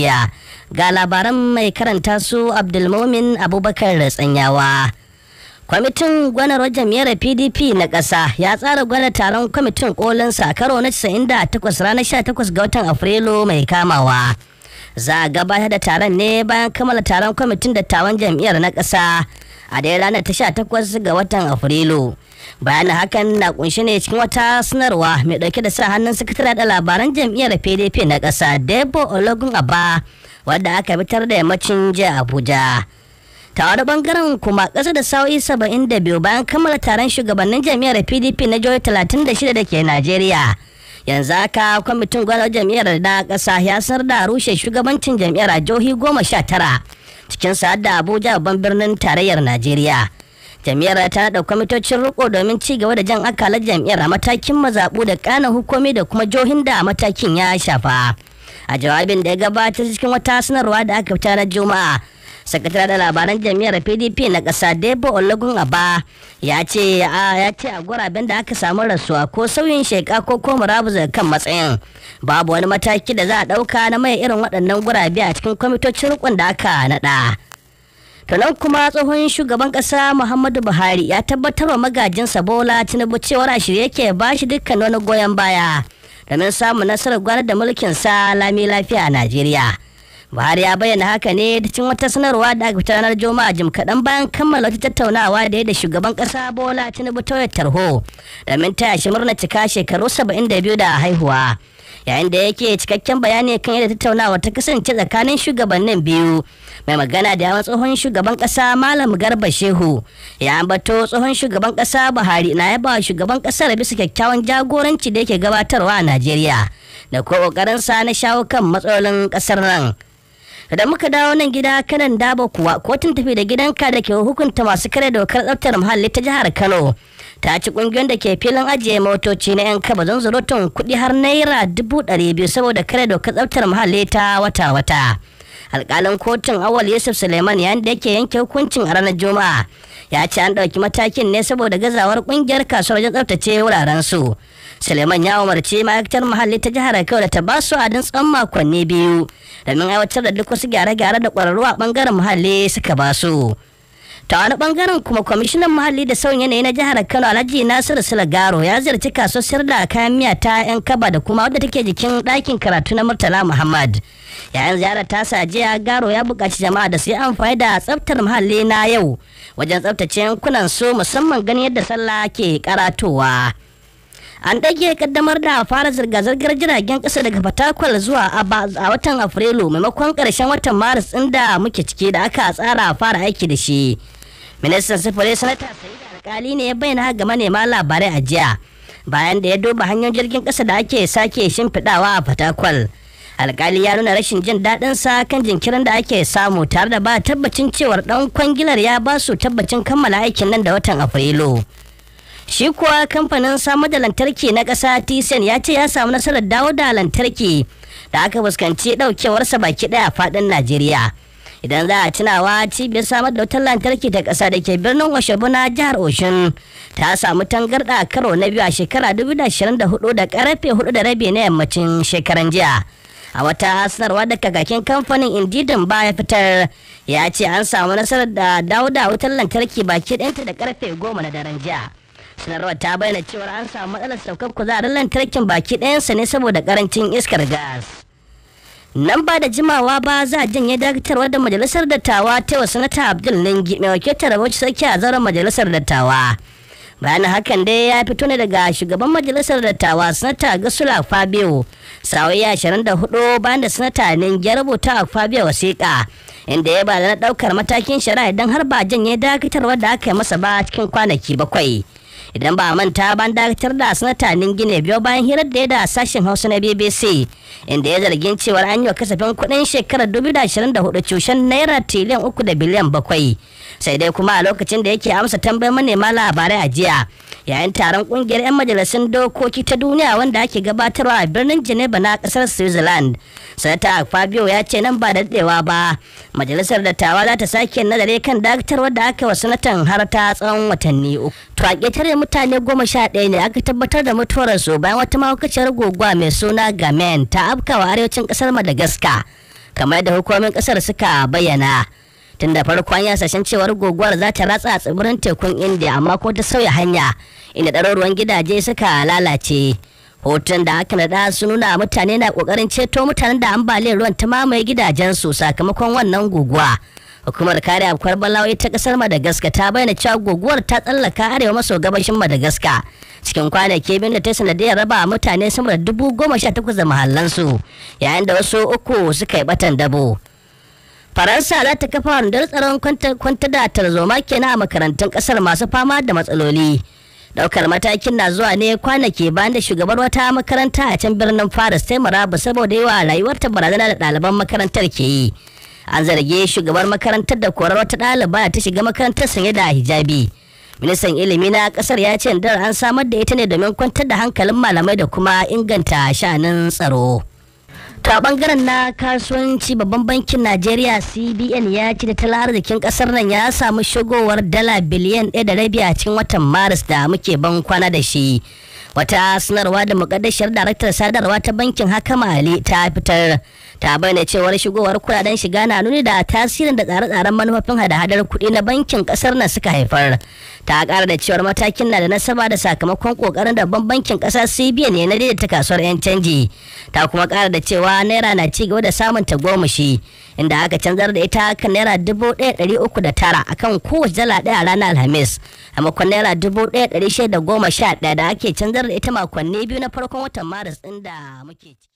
lafiya ga labaran mai karanta su abdulmomin abubakar tsanyawa kwamitin gwanar jam'iyyar pdp na ƙasa ya tsara gwada taron kwamitin kolinsa karo na 98 ranar 18 ga watan afrilu mai kamawa za a gabatar da taron ne bayan kammala taron kwamitin dattawan jam'iyyar na ƙasa a da ranar ta takwas ga watan afrilu bayanin hakan na kunshi ne cikin wata sanarwa mai dauke da sa hannun sakataren da labaran jam'iyyar pdp na kasa debo ologun aba wadda aka fitar da yammacin jiya abuja ta wani bangaren kuma ƙasa da sa'o'i saba'in da biyu bayan kammala taron shugabannin jam'iyyar pdp na jihohi talatin da shida da ke najeriya yanzu haka kwamitin gwamnati jam'iyyar da kasa ya sanar da rushe shugabancin jam'iyyar a jihohi goma sha tara cikin da abuja babban birnin tarayyar najeriya Jami'ar ta da kwamitocin riko domin ci gaba da jan akalar jami'ar a matakin mazaɓu da kana hukumi da kuma johin da matakin ya shafa a jawabin da ya gabatar cikin wata sanarwa da aka fita na juma'a sakataren labaran jami'ar pdp na kasa debo olugun aba ya ce ya ce a guraben da aka samu rasuwa ko sauyin sheka ko ko murabus kan matsayin babu wani mataki da za a ɗauka na mai irin waɗannan gurabe a cikin kwamitocin rukun da aka naɗa tunan kuma tsohon shugaban ƙasa muhammadu buhari ya tabbatar wa magajinsa bola tinubu cewar a shirye yake ba shi dukkan wani goyon baya domin samun nasarar gwanar da mulkin sa lami lafiya a najeriya buhari ya bayyana haka ne cin wata sanarwa da aka fitar ranar juma'a jim kaɗan bayan kammala wata tattaunawa da ya da shugaban ƙasa bola tinubu toyar tarho domin taya shi murna cika shekaru saba'in da biyu da haihuwa yayin da yake cikakken bayani kan yadda tattaunawa ta kasance tsakanin shugabannin biyu mai magana da yawan tsohon shugaban ƙasa malam garba shehu ya ambato tsohon shugaban ƙasa buhari na yaba shugaban da bisa kyakkyawan jagoranci da yake gabatarwa a najeriya da ko ƙoƙarinsa na shawo kan matsalolin ƙasar nan da muka dawo nan gida kanan dabo kuwa kotun tafi da gidanka da ke hukunta masu kare dokar tsaftar muhalli ta jihar kano ta ci kungiyar da ke filin ajiye motoci na 'yan kaba zan zurutun kuɗi har naira dubu biyu saboda kare dokar tsaftar muhalli ta wata-wata. Alƙalin kotun awal yusuf suleiman yayin da yake yanke hukuncin a ranar juma'a ya ce an ɗauki matakin ne saboda gazawar ƙungiyar kasuwar wajen tsaftace wuraren su suleiman ya umarci ma'aikatar muhalli ta jihar kyau da ta ba su adin tsawon makonni biyu domin aiwatar da duk wasu gyare-gyare da ƙwararru a ɓangaren muhalli suka ba su. ta wani bangaren kuma kwamishinan muhalli da sauyin yanayi na jihar kano alhaji nasiru silagaro ya ziyarci kasuwar sayar da kayan miya ta yan kaba da kuma wadda take jikin ɗakin karatu na murtala muhammad yayin ziyarar sa jiya garo ya buƙaci jama'a da su yi amfani da tsaftar muhalli na yau wajen tsaftace yankunan su musamman ganin yadda sallah ke karatowa an ɗage kaddamar da fara zirga-zirgar jiragen ƙasa daga fatakwal zuwa a watan afrilu maimakon ƙarshen watan maris inda muke ciki da aka tsara fara aiki da shi ministan sufuri sanata sayida alkali ne ya bayyana ga manema labarai a jiya bayan da ya duba hanyar jirgin ƙasa da ake sake shimfiɗawa a fatakwal alkali ya nuna rashin jin daɗin sa kan jinkirin da ake samu tare da ba tabbacin cewar ɗan kwangilar ya ba su tabbacin kammala aikin nan da watan afrilu shi kuwa kamfanin samar da lantarki na ƙasa tisen ya ce ya samu nasarar dawo da lantarki da aka fuskanci ɗaukewarsa baki ɗaya a faɗin najeriya idan za a tunawa cibiyar samar da wutar lantarki ta ƙasa da ke birnin Oshobu jihar Oshun ta samu tangarɗa a karo na biyu a shekara 2024 da karfe 4 da rabi na yammacin shekaran jiya. a wata sanarwa da kakakin kamfanin indidin baya fitar ya ce an samu nasarar da dawo da wutar lantarki baki ɗinta da karfe goma na daren jiya sanarwar ta bayyana cewa an samu matsalar saukar kuzarin lantarkin baki ɗayansa ne saboda karancin iskar gas nan ba da jimawa ba za a janye dakatarwa da majalisar dattawa ta wa sanata abdul ningi mai wakiltar wacce sarki a zaren majalisar dattawa bayan hakan dai ya fito ne daga shugaban majalisar dattawa sanata gasula fabio sawai ashirin da hudu bayan da sanata ningi ya rubuta a fabio wasiƙa inda ya ba da ɗaukar matakin shari'a idan har ba janye dakatarwa da aka yi masa ba cikin kwanaki bakwai idan ba manta ban dakatar da sanata gine biyo bayan hirar da ya da sashen hausa na bbc inda ya zargin cewar an yi kasafin kudin shekarar 2024 cushen naira tiliyan uku da biliyan bakwai sai dai kuma a lokacin da yake amsa tambayar manema labarai a jiya yayin taron kungiyar 'yan majalisun dokoki ta duniya wanda ake gabatarwa a birnin geneva na kasar switzerland sanata fabio ya ce nan ba da daɗewa ba majalisar da tawa za ta sake nazari kan dakatar da aka wa sanatan har ta tsawon watanni uku to a ƙetare mutane goma sha ɗaya ne aka tabbatar da mutuwarsu bayan wata mahaukaciyar guguwa mai suna gamen ta afkawa arewacin ƙasar madagascar kamar da hukumomin ƙasar suka bayyana Tun tunda farkon ya sashen cewar guguwar za ta ratsa tsibirin tekun indiya amma ko ta sauya hanya inda ɗaruruwan gidaje suka lalace hoton da aka nada sun nuna mutane na kokarin ceto mutanen da ambaliyar ruwan ta mamaye gidajen su sakamakon wannan guguwa hukumar kare afkuwar balawai ta kasar madagascar ta bayyana cewa guguwar ta tsallaka arewa maso gabashin madagascar cikin kwanaki biyu da ta sanadiyar raba mutane sama da dubu goma sha takwas da mahallansu yayin da wasu uku suka yi batan dabo faransa za ta kafa wandar tsaron kwanta da tarzoma kenan a makarantun kasar masu fama da matsaloli daukar matakin na zuwa ne kwanaki bayan da shugabar wata makaranta a can birnin faris ta maraba saboda yawa rayuwarta barazana da ɗaliban makarantar ke yi an zargi shugabar makarantar da korar wata ɗaliba da ta shiga makarantar sanye da hijabi ministan ilimi na kasar ya ce dar an samar da ita ne domin kwantar da hankalin malamai da kuma inganta sha'anin tsaro To a bangaren na kasuwanci babban bankin Najeriya CBN ya ce da talarzikin kasar nan ya samu shigowar dala biliyan ɗaya da rabi a cikin watan Maris da muke ban kwana da shi. Wata sanarwa da mukaddashiyar daraktar sadarwa ta bankin hakamali Mali ta fitar. ta bayyana cewar shigowar kudaden shiga na nuni da tasirin da tsare-tsaren manufofin hada-hadar kuɗi na bankin kasar na suka haifar ta ƙara da cewar matakin na da nasaba da sakamakon kokarin da bankin ƙasa cbn ne na daidaita kasuwar 'yan canji ta kuma ƙara da cewa naira na ci gaba da samun tagomashi inda aka canzar da ita kan naira dubu ɗaya ɗari uku da tara akan kowace dala ɗaya a ranar alhamis a makon naira dubu ɗaya ɗari shida goma sha ɗaya da ake canzar da ita makonni biyu na farkon watan maris ɗin da muke